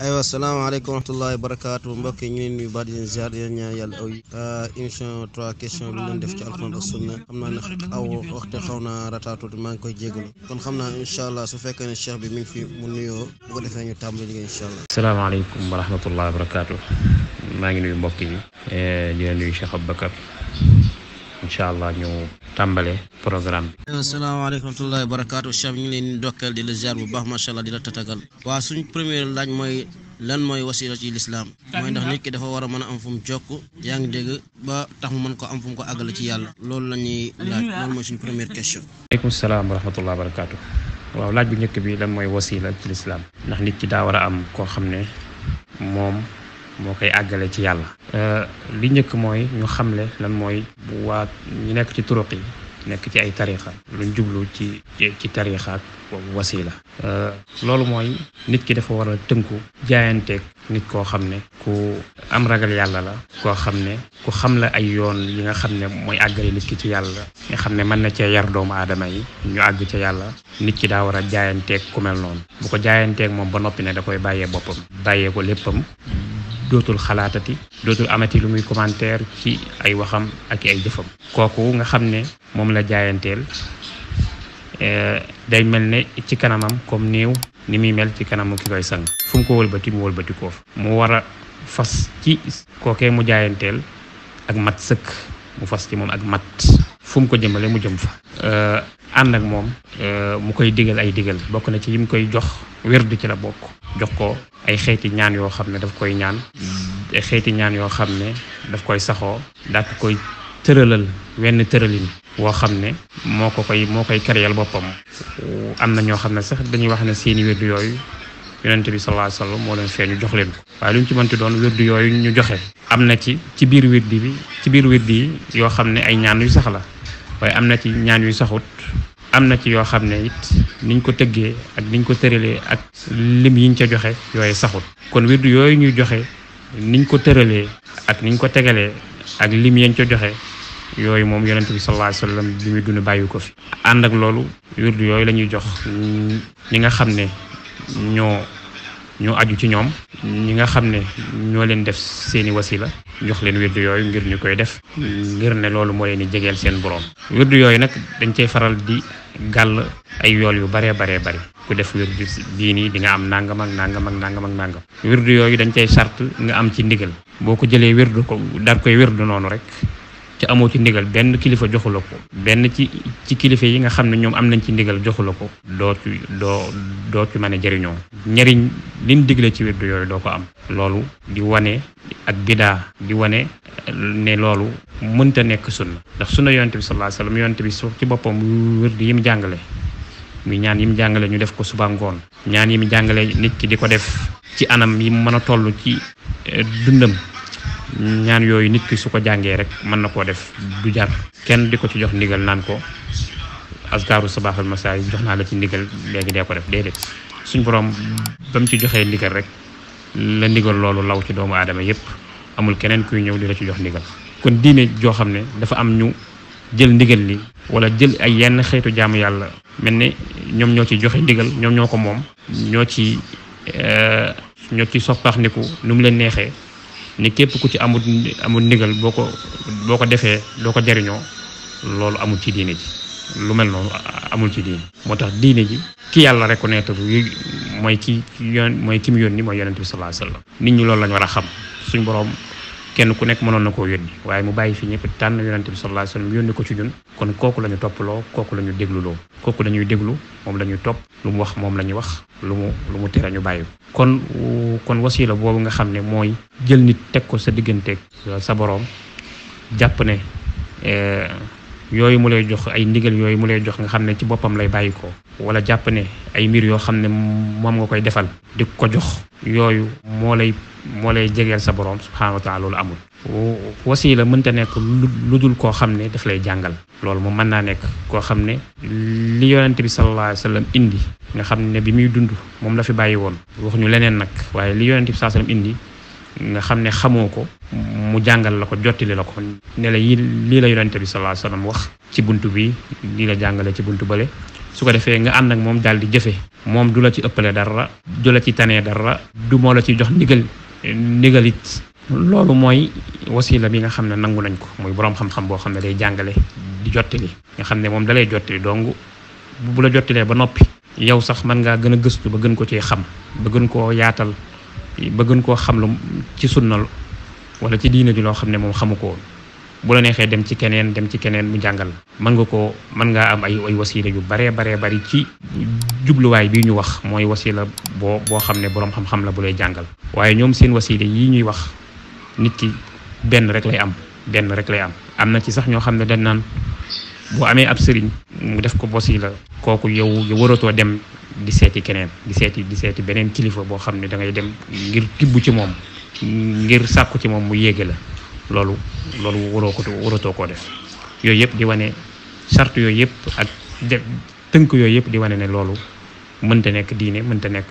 aywa salaamaaleykum wa rahmatullahi wa barakaatu mbokk yi ñu leen nuyu baal di leen ziar di leen ñaan yàlla aw euh, yi émission trois questions bi def ci alxuraan ak sunna naa ne aw waxte xaw naa rataatu maa ngi koy jégalu kon xam naa incha allah su fekkee ne cheikh bi mi ngi fi mu nuyoo bu ko defee ñu tàmbali liggéey incha allah salaamaaleykum wa rahmatullahi wa barakaatu maa ngi nuyu mbokk yi eh, di leen nuyu Cheikh Aboubacar incha allah ñu tàmbale programme bi asalaamaaleykum wa rahmatullahi wa barakaatu chef ñu ngi leen di dokkeel di la ziar bu baax macha allah di la tatagal waa suñ premier laaj mooy lan mooy wasila ci lislaam mooy ndax nit ki dafa war a mën a am fu mu jokk yaa ngi dégg ba tax mu mën ko am fu mu ko àggale ci yàlla loolu la ñuy laaj loolu mooy suñ première question salaam wa rahmatullahi wa waaw laaj bu njëkk bi lan mooy wasila ci lislaam ndax nit ki daa war a am koo xam ne moom moo koy àggale ci yàlla euh, li njëkk mooy ñu xamle lan mooy bu waa ñu nekk ci turuq yi nekk ci ay tarixa luñ jublu ci ci tarixa ak wasila euh, loolu mooy nit ki dafa war a tënku jaayanteeg nit koo xam ne ku am ragal yàlla la koo xam ne ku xam la ay yoon yi nga xam ne mooy àggale nit ki ci yàlla nga xam ne mën na cee yar doomu aadama yi ñu àgg ca yàlla nit ki daa war a jaayanteeg ku mel noonu bu ko jaayanteeg moom ba noppi ne da koy bàyyee boppam bàyyee ko léppam dootul xalaatati dootul amati lu muy commentaire ci ay waxam ak ay jëfam kooku nga xam ne moom la jaayanteel eh, day mel ne ci kanamam comme néew ni muy mel ci kanamu ki koy sang fu mu ko wëlbati mu wëlbati koo fa mu war a fas ci kookee mu jaayanteel ak mat sëkk mu fas ci moom ak mat fu mu ko jëmale mu jëm fa eh, ànd ak moom eh, mu koy digal ay digal bokk na ci yi mu koy jox wérdu ci la bokk jox ko ay xeeti ñaan yoo xam ne daf koy ñaan xeeti ñaan yoo xam ne daf koy saxoo daa ko koy tëralal wenn tëralin woo xam ne moo ko koy moo koy keréyal boppam am na ñoo xam ne sax dañuy wax ne seeni wérdu yooyu yonent bi sallallahu alayhi wasallam moo leen feeñu jox leen ko waaye lu ñu ci mënti doon wérdu yooyu ñu joxe am na ci ci biir wérdi bi ci biir wérdi yi yoo xam ne ay ñaan yu sax la waaye am na ci ñaan yu saxut am na ci yoo xam ne it niñ ko tëggee ak niñ ko tëralee ak lim yiñ ca joxe yooyu saxul kon wirdu yooyu ñuy joxe niñ ko tëralee ak niñ ko tegalee ak lim yañ ca joxe yooyu moom yonent bi sallallahu alayhi wasallam bi muy dund bàyyi ko fi ànd ak loolu wirdu yooyu lañuy ñuy jox ñi nga xam ne ñoo ñu aju ci ñoom ñi nga xam ne ñoo leen def seeni wasila jox leen wirdu yooyu ngir ñu koy def ngir ne loolu moo leen di jegeel seen boroom wirdu yooyu nag dañ cey faral di gàll ay yool yu baree baree bari ku def wirdu bii nii di nga am nangam ak nangam ak nangam mag nangam wirdu yooyu dañ koy sart nga am ci ndigal boo ko jëlee wirdu ko dar koy wirdu noonu rek ci amoo ci ndigal benn kilifa joxu la ko benn ci ci kilifa yi nga xam ne ñoom am nañ ci ndigal joxu la ko doo ci doo doo ci mën a jëriñoo njëriñ lim digle ci wirdu yooyu doo ko am loolu di wane ak bidaa di wane ne loolu mënta nekk sunna ndax sunna yonte bi sallallahu alayhi wasallam yonte ci boppam wirdu yi mu jàngale muy ñaan yi mu jàngale ñu def ko suba ngoon ñaan yi mu jàngale nit ki di ko def ci anam yi mu mën a toll ci eh, dundam ñaan yooyu nit ki su ko jàngee rek mën na koo def du jar kenn di ko ci jox ndigal naan ko askaaru sabaaxal masaa yi jox naa la ci ndigal léegi dee ko def déedéet suñ borom ba mu joxee ndigal rek la ndigal loolu law ci doomu aadama yépp amul keneen kuy ñëw di la ci jox ndigal kon diine joo xam ne dafa am ñu jël ndigal li wala jël ay yenn xeetu jaamu yàlla mel ni ñoom ñoo ci joxe ndigal ñoom ñoo ko moom ñoo ci eh, ñoo ci soppaax niku nu mu leen neexee ne képp ku ci amul amul ndigal boo ko boo ko defee doo ko jariñoo loolu amul ci diine ji lu mel noonu amul ci diine moo tax diine ji ki yàlla reconnaître mooy ki yoon mooy ki mu ni mooy yonent bi sallallahu alayhi nit ñi loolu lañ war a xam suñ boroom kenn ku nekk mënoon na koo yónni waaye mu bàyyi fi ñëpp tànn yonente bi sallallahu alayhi wasallam yónni ko ci ñun kon kooku la ñu toppaloo kooku la ñu dégluloo kooku la déglu moom la ñuy topp lu mu wax moom la ñuy wax lu mu lu mu tere ñu bàyyi kon kon wasiila boobu nga xam ne mooy jël nit teg ko sa digganteeg sa boroom jàpp ne eh, yooyu mu lay jox ay ndigal yooyu mu lay jox nga xam ne ci boppam lay bàyyi ko wala jàpp ne ay mbir yoo xam ne moom nga koy defal di ko jox yooyu moo lay moo lay jegeel sa borom subhaanahu wa taala loolu amul wasiila mënta nekk lu dul koo xam ne daf lay jàngal loolu mu mën naa nekk koo xam ne li yonent bi sallallahu alayhi sa sallam indi nga xam ne bi muy dund moom la fi bàyyi woon wax ñu leneen nag waaye li yonent bi sallallahu alayhi wa sallam indi nga xam ne xamoo ko mu jàngal la ko jottali la ko ne la yi lii la yonente bi sallallahu alayhi wasallam wax ci buntu bi lii la jàngale ci buntu bële su ko defee nga ànd ak moom daal di jëfe moom du la ci ëppale dara du la ci tanee dara du moo la ci jox ndigal ndigalit loolu mooy wasila bi nga xam ne nangu nañ ko mooy boroom xam-xam boo xam ne day jàngale di jottali nga xam ne moom dalay jottali donc bu la jottalee ba noppi yow sax man ngaa gën a gëstu ba gën ko cee xam ba gën koo yaatal ba gën koo xam lu ci sunnal wala ci diine ji loo xam ne moom xamu ko woon bu la neexee dem ci keneen dem ci keneen mu jàngal mën nga ko mën ngaa am ay ay wasila yu baree baree bari ci jubluwaay bii ñu wax mooy wasila boo boo xam ne boroom xam-xam la bu lay jàngal waaye ñoom seen wasila yi ñuy wax nit ki benn rek lay am benn rek lay am am na ci sax ñoo xam ne dañ naan boo amee ab sëriñ mu def ko wasila kooku yow yow waratoo dem di seeti keneen di seeti di seeti beneen kilifa boo xam ne da ngay dem ngir tibb ci moom ngir sàkku ci moom mu yéege la loolu loolu waroo ko waratoo koo def yooyu yëpp di wane charte yooyu yëpp ak de tënk yooyu yëpp di wane ne loolu mënta nekk diine mënta nekk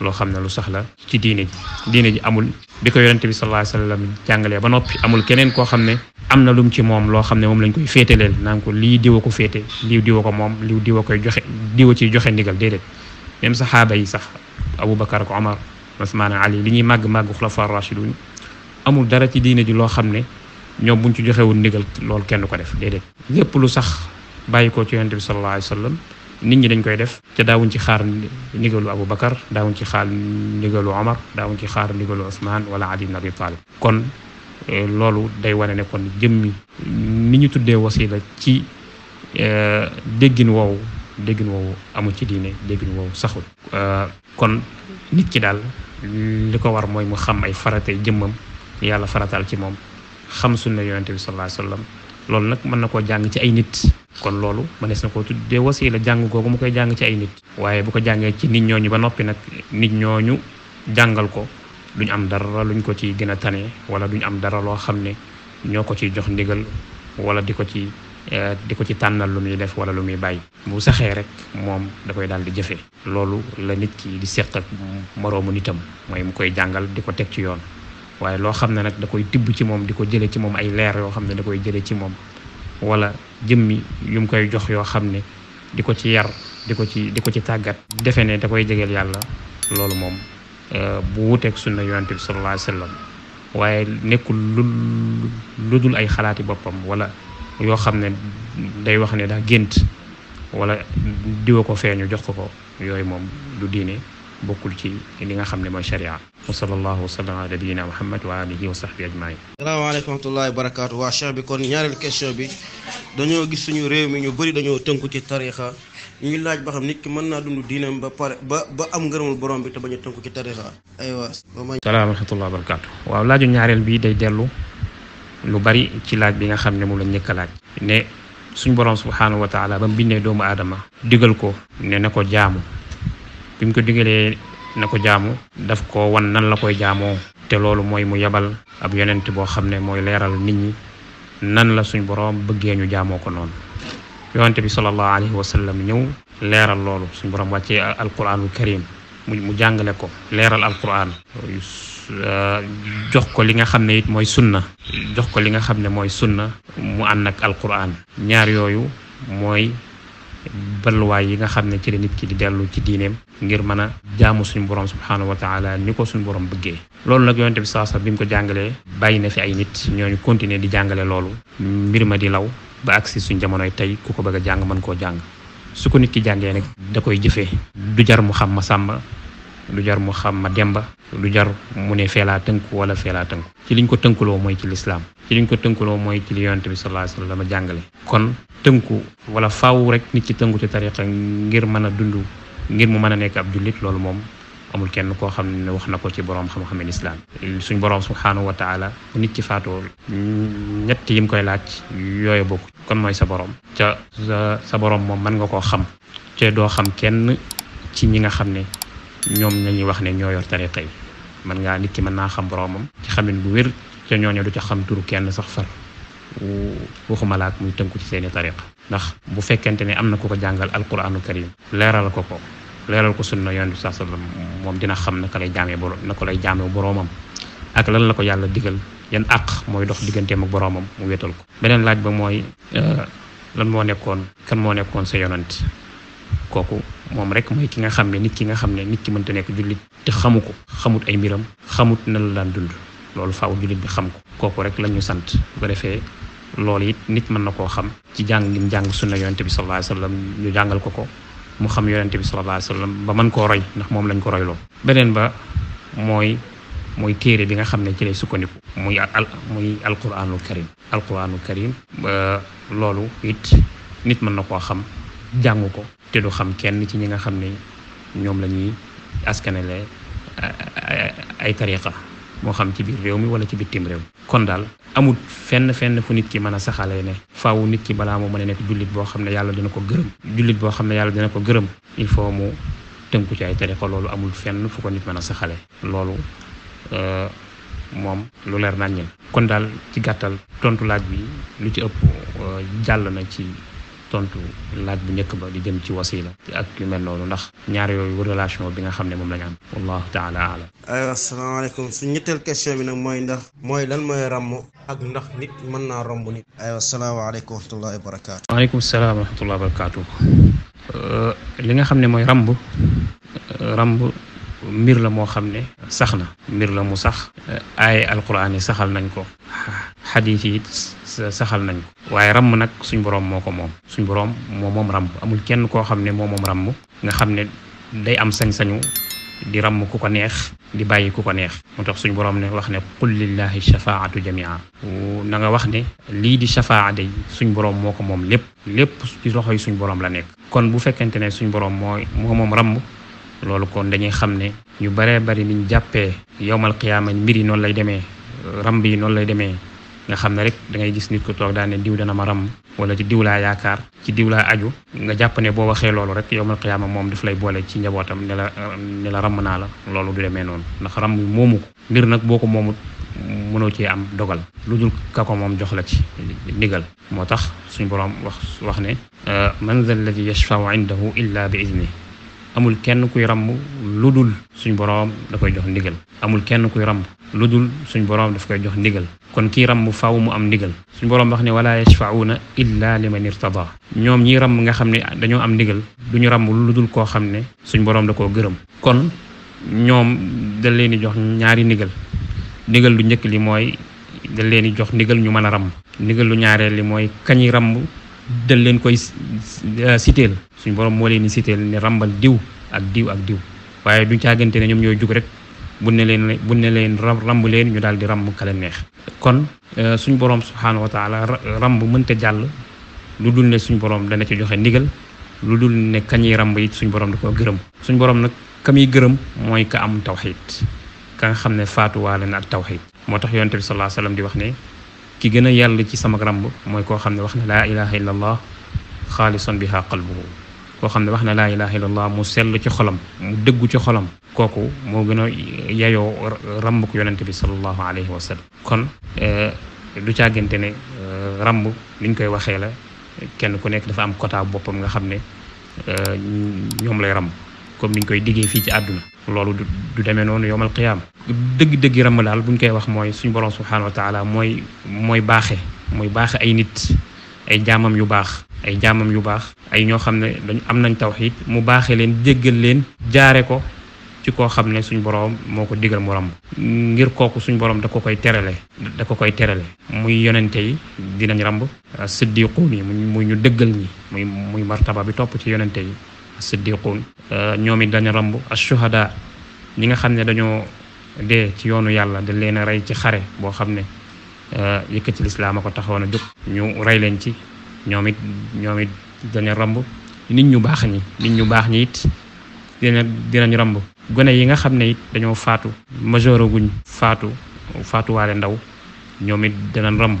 loo xam ne lu sax la ci diine ji diine ji amul bi ko yonente bi sallallahu alayhi wasallam jàngalee ba noppi amul keneen koo xam ne am na lum ci moom loo xam ne moom lañ koy féeteleel naan ko lii diwa ko féete lii diwa ko moom lii diwa koy joxe diwa ci joxe ndigal déedéet ميم صحابه يي صح ابو بكر عمر عثمان علي لي ني ماغ ماغ خلفاء الراشدون امول دارا تي دين دي لو خامني ньоم بونتي جوخيوون نيغال لول كين كو ديف ديدت ييب لو صح بايكو تي يونس صلى الله عليه وسلم نيت ني دنج كوي ديف تي داوون تي خار نيغالو ابو بكر داوون تي خال نيغالو عمر داوون تي خار نيغالو عثمان ولا علي بن ابي طالب كون لولو داي واني نكون جيمي ني ني تودي وسيله تي ا آه، دغين وو déggin woowu amul ci diine déggin woowu saxul euh, kon nit ki daal li ko war mooy mu xam ay faratay jëmmam yàlla farataal ci moom xam sunna yonente bi sallallahu alayhi wasallam loolu nag mën na koo jàng ci ay nit kon loolu mënees na koo tuddee wasiila jàng googu mu koy jàng ci ay nit waaye bu ko jàngee ci nit ñooñu ba noppi nag nit ñooñu jàngal ko duñ am dara luñ ko ci gën a tane wala duñ am dara loo xam ne ñoo ko ciy jox ndigal wala di ko ci Eh, di ko ci tànnal lu muy def wala lu muy bàyyi bu saxee rek moom da koy daal di jëfee loolu la nit ki di seq ak moroomu nitam mooy mu koy jàngal di ko teg ci yoon waaye loo xam ne nag da koy tibb ci moom di ko jële ci moom ay leer yoo xam ne da koy jële ci moom wala jëmmi yu mu koy jox yoo xam ne di ko ci yar di ko ci di ko ci tàggat defe ne da koy jegeel yàlla loolu moom eh, bu wuteeg sunna yonante bi sallallahu alayhi wa sallam waaye nekkul lu dul ay xalaati boppam wala yoo xam ne day wax ne daa gént wala diwa ko feeñu jox ko ko yooyu moom du diine bokkul ci li nga xam ne mooy sharia wa sallallahu wa sallam ala nabiyina muhammad wa alihi wa sahbi ajmain salaamaaleykum wa rahmatullahi wa barakatu waa cheikh bi kon ñaareel question bi dañoo gis suñu réew mi ñu bëri dañoo tënku ci tarixa ñuy laaj ba xam nit ki mën naa dund diinam ba pare ba ba am ngërëmul borom bi te bañ a tënku ci tarixa aywa salaam wa rahmatullahi wa barakatu waaw laaju ñaareel bi day dellu lu bari ci laaj bi nga xam ne moom lañ njëkk laaj ne suñ borom subhaanahu wa taala ba mu doomu aadama digal ko ne na ko jaamu bi mu ko digalee na ko jaamu daf ko wan nan la koy jaamoo te loolu mooy mu yebal ab yonent boo xam ne mooy leeral nit ñi nan la suñ borom bëggee ñu jaamoo ko noonu yonte bi sallallahu alayhi wa sallam ñëw leeral loolu suñ borom wàccee alquraanul karim mu mu jàngale ko leeral alquraan Euh, jox ko li nga xam ne it mooy sunna jox ko li nga xam ne mooy sunna mu ànd ak alquran ñaar yooyu mooy balluwaay yi nga xam ne ci la nit ki di dellu ci diineem ngir mën a jaamu suñu borom subhaanahu wa taala ni ko suñu borom bëggee loolu nag yonent bi saa sax bi mu ko jàngalee bàyyi na fi ay nit ñooñu continuer di jàngale loolu mbir ma di law ba agsi suñ jamonoy tey ku ko bëgg a jàng mën koo jàng su ko nit ki jàngee nag da koy jëfee du jar mu xam ma sàmm lu jar mu xam ma demba lu jar mu ne feelaa tënku wala feelaa tënku ci liñ ko tënkuloo mooy ci lislaam ci liñ ko tënkuloo mooy ci li yonent bi sallallahu jàngale kon tënku wala faaw rek nit ci tënku ci tariqa ngir mën a dund ngir mu mën a nekk ab jullit loolu moom amul kenn koo xam ne wax na ko ci boroom xam-xam lislaam suñ boroom subhaanahu wa taala bu nit ci faatoo ñett yim koy laaj yooyu bokk kon mooy sa boroom ca sa boroom moom mën nga koo xam te doo xam kenn ci ñi nga xam ne ñoom lañuy wax ne ñoo yor tariqa yi man nga nit ki mën naa xam boromam ci xamin bu wér ca du ca xam turu kenn sax far waxuma laak muy tënku ci seeni tariqa ndax bu fekkente ne am na ku ko jàngal alquranu karim leeral ko ko leeral ko sunna yonent bi sallallahu wasallam moom dina xam naka lay jaamee borom naka lay jaamee boromam ak lan la ko yàlla digal yan àq mooy dox digganteem ak boromam mu wétal ko beneen laaj ba mooy euh, lan moo nekkoon kan moo nekkoon sa yonante kooku moom rek mooy ki nga xam ne nit ki nga xam ne nit ki mënta nekk jullit te xamu ko xamut ay mbiram xamut na la daan dund loolu faw jullit bi xam ko kooku rek lañu sant bu ko defee loolu it nit mën na koo xam ci jàng lim jàng sunna yonente bi sallallahu alayhi ñu jàngal ko ko mu xam yonente bi sallallahu alayhi mën koo roy ndax moom lañ ko roy loo beneen ba mooy mooy téere bi nga xam ne ci lay sukkandiku muy al muy alquranul karim alquranul karim loolu it nit mën na koo xam jàng ko te du xam kenn ci ñi nga xam ne ñoom la ñuy askanale ay tariqa moo xam ci biir réew mi wala ci bitim réew kon daal amul fenn fenn fu nit ki mën a saxalee ne faawu nit ki balaa moo mën a nekk jullit boo xam ne yàlla dina ko gërëm jullit boo xam ne yàlla dina ko gërëm il mu tënku ci ay tariqa loolu amul fenn fu ko nit mën a saxale loolu euh, moom lu leer nañ kon daal ci gàttal tontu laaj bi lu ci ëpp euh, jàll na ci tontu laaj bu nekk ba di dem ci wasila ak yu mel noonu ndax ñaar yooyu relation bi nga xam ne moom la ñu am wallahu taala aalam aywa asalaamaaleykum su ñetteel question bi nag mooy ndax mooy lan mooy ràmm ak ndax nit mën naa romb nit aywa asalaamaaleykum wa rahmatullahi wa barakaatu maaleykum salaam wa rahmatullahi wa barakaatu li nga xam ne mooy ràmb ràmb mbir la moo xam ne sax na mbir la mu sax ay alquran yi saxal nañ ko xadiis yi saxal nañu waaye ramb nag suñ borom moo ko moom suñ boroom moo moom ramb amul kenn koo xam ne moo moom ramb nga xam ne day am sañ-sañu di ramm ku ko neex di bàyyi ku ko neex moo tax suñ borom ne wax ne qul lillahi shafaatu jamia na nga wax ne lii di shafaa day borom moo ko moom lépp lépp ci loxoy suñ borom la nekk kon bu fekkente ne suñ borom mooy moo moom ramm loolu kon dañuy xam ne ñu bare bari niñ jàppee yowmal qiyaama mbir yi noonu lay demee ramb yi noonu lay demee nga xamne rek da ngay gis nit ko tok daane ne diw dana maram wala ci diw la yaakar ci diw la aju nga jàpp ne bo waxe lolu rek yowmal qiyaama mom daf lay bolé ci njabotam ne la ne la ram na la lolu du demé non ndax ram moomu ngir nak boko boo mëno ci am dogal lu dul ka ko jox la ci ndigal motax suñu borom wax wax ne man dha ladhi yashfau indahu illa bi'iznihi amul kenn kuy ramb lu dul suñ boroom da koy jox ndigal amul kenn kuy ramb lu dul suñ boroom daf koy jox ndigal kon kii ramb faw mu am ndigal suñ boroom wax ne wala yashfa'una illa liman irtada ñoom ñii ramb nga xam ne dañoo am ndigal duñu ramb lu dul koo xam ne suñ boroom da koo gërëm kon ñoom dañ leen di jox ñaari ndigal ndigal lu njëkk li mooy dal leen di jox ndigal ñu mën a ramb ndigal lu ñaareel li mooy kañi ramb dal leen koy euh, siteel suñ borom moo leen di siteel ne ràmbal diw ak diw ak diw waaye du caagante ne ñoom ñoo jug rek bu ne leen bu ne leen ramb leen ñu daal di ramb kale neex kon euh, suñ borom subhaanahu wa taala ramb mënta jàll lu dul ne suñ borom dana ci joxe ndigal lu dul ne kañuy ramb it suñ borom da ko gërëm suñ borom nag ka muy gërëm mooy ka am tawxid ka nga xam ne faatuwaale na ak tawxid moo tax yonent bi sallallahu alayhi di wax ne ki gën a yàlla ci sama ramb mooy koo xam ne wax na laa ilaha illallah xaalisan biha qalbuhu koo xam ne wax na laa ilaha illallah mu sell ci xolam mu dëggu ci xolam kooku moo gën a yayoo ramb ko yonente bi salallahu alayhi wa sallam kon du càggante ne ramb liñ koy waxee la kenn ku nekk dafa am quota boppam nga xam ne ñoom lay ramb comme ñu koy diggee fii ci àdduna loolu du du demee noonu yomal qiyaama dëgg-dëgg ràmm daal ñu koy wax mooy suñu borom subhaanahu wa taala mooy mooy baaxe mooy baaxe ay nit ay jaamam yu baax ay jaamam yu baax ay ñoo xam ne dañ am nañ tawxiid mu baaxe leen jéggal leen jaare ko ci koo xam ne suñ borom moo ko digal mu ràmm ngir kooku suñ borom da ko koy terale da ko koy terale muy yonente yi dinañ ràmb siddiquun yi muy ñu dëggal ñi muy muy martaba bi topp ci yonente yi siddiquun euh, ñoom it dañu a ashuhada ñi nga xam ne dañoo dee ci yoonu yàlla dañ leen a rey ci xare boo xam ne ci euh, lislaam a ko taxawoon a jóg ñu rey leen ci ñoom it ñoom it dañu romb nit ñu baax ñi nit ñu baax ñi it dinañ romb gone yi nga xam ne it dañoo faatu majeur guñ faatu faatuwaale ndaw ñoom it dinañ romb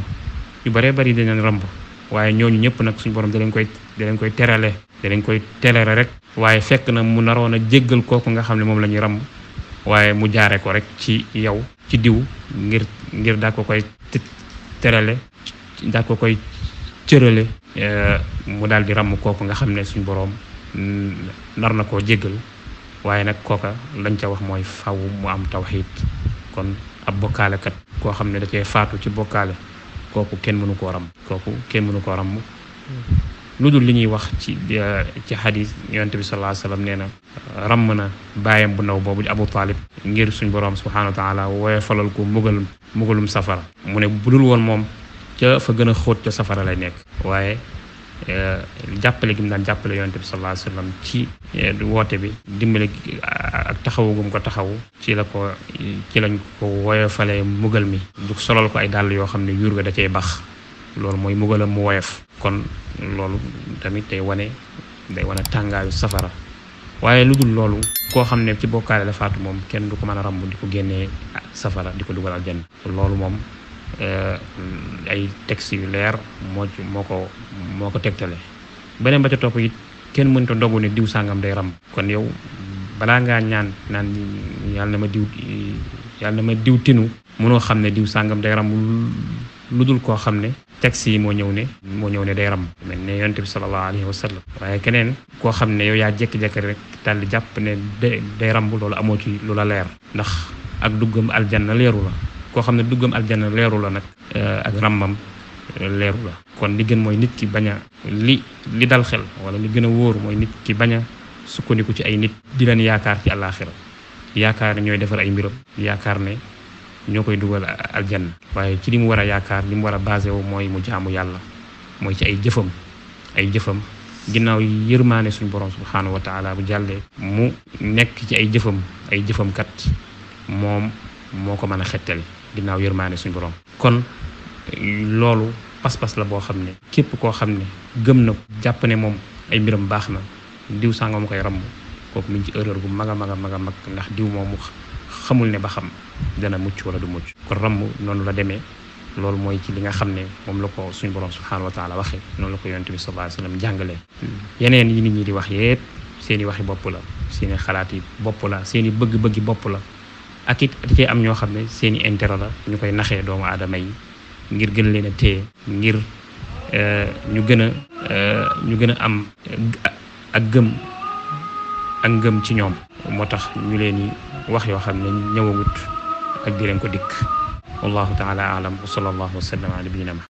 yu baree bari dinañ romb waaye ñooñu ñëpp nag suñu borom da leen koy da koy terale da leen koy terale rek waaye fekk na mu naroon a jéggal kooku nga xam ne moom la ñuy ràmm waaye mu jaare ko rek ci yow ci diw ngir ngir daa ko koy terale daa koy cërale eh, mu daal di ràmm kooku nga xam ne suñu borom mm, nar na koo jéggal waaye nag kooka lañ ca wax mooy faw mu am tawxiid kon ab bokkaalekat koo xam ne da cee faatu ci bokkaale kooku kenn mënu koo ràmm kooku kenn mënu koo ràmm lu dul li ñuy wax ci eh, ci xadis yonent bi sallallahu alayhi wasallam nee na ràmm na baayam bu ndaw boobu di Abu Talib ngir suñ borom subhanahu wa taala wooye falal ko mbugalum mbugalum safara mu ne bu dul woon moom ca fa gën a xóot ca safara lay nekk waaye Eh, jàppale gi mu daan jàppale yonent bi sallallahu alayhi wasallam ci eh, woote bi dimbale ah, ak taxawu ko taxawu ci la ko ci lañ ko woyofalee mugal mi du solal ko ay dàll yoo xam ne yuur ga da cay bax loolu mooy mugalam mu woyof kon loolu tamit day wane day wane tàngaayu safara waaye lu dul loolu koo xam ne ci bokkaale la faatu moom kenn du ko mën a ramb di ko génnee safara di ko dugal aljanna loolu moom Euh, ay textes yu leer moo ci moo ko moo ko tegtale beneen ba ca topp it kenn ta ndogu ne diw sàngam day ramb kon yow balaa ngaa ñaan naan yàlla na ma diw yàlla na ma diw tinu mënoo xam ne diw sàngam day ràmb lu dul koo xam ne texte yi moo ñëw ne moo ñëw ne day ràmb mel ne yonte bi sallallahu alayhi wa waaye keneen koo xam ne yow yaa jékki-jékki rek daal di jàpp ne day rambu loolu amoo ci lu la leer ndax ak duggam aljanna leeru la koo xam ne duggam aljana leeru la nag eh, ak ràmbam eh, leeru la kon li gën mooy nit ki bañ a li li dal xel wala li gën a wóoru mooy nit ki baña a sukkandiku ci ay nit di leen yaakaar ci àllaaxira yaakaar ne ñooy defar ay mbiram yaakaar ne ñoo koy dugal aljanna waaye ci li mu war a yaakaar li mu war a basé wu mooy mu jaamu yàlla mooy ci ay jëfam ay jëfam ginnaaw yërmaane suñu borom subhaanahu wa taala bu jàllee mu nekk ci ay jëfam ay jëfam kat moom moo ko mën a xettali ginnaaw yërmaane suñu borom kon loolu pas-pas la boo xam ne képp koo xam ne gëm na jàpp ne moom ay mbiram baax na diw sàngam koy ramb kooku mu ci erreur bu mag a mag a mag mag ndax diw moomu xamul ne ba xam dana mucc wala du mucc kon ramb noonu la demee loolu mooy ci li nga xam ne moom la ko suñu borom subhaanahu wa taala waxee noonu la ko yonent bi sallallahu alayhi wasallam yeneen yi nit ñi di wax yépp seeni waxi bopp la seeni xalaat bopp la seeni bëgg-bëggi la ak it cee am ñoo xam ne seeni i la ñu koy naxee doomu aadama yi ngir gën leen a téye ngir euh, ñu gën a euh, ñu gën a am ak gëm ak ngëm ci ñoom moo tax ñu leen wax yoo xam ne ñëwagut ak di leen ko dikk wallahu taala alam wa sallallahu wa sallam ala nabiyina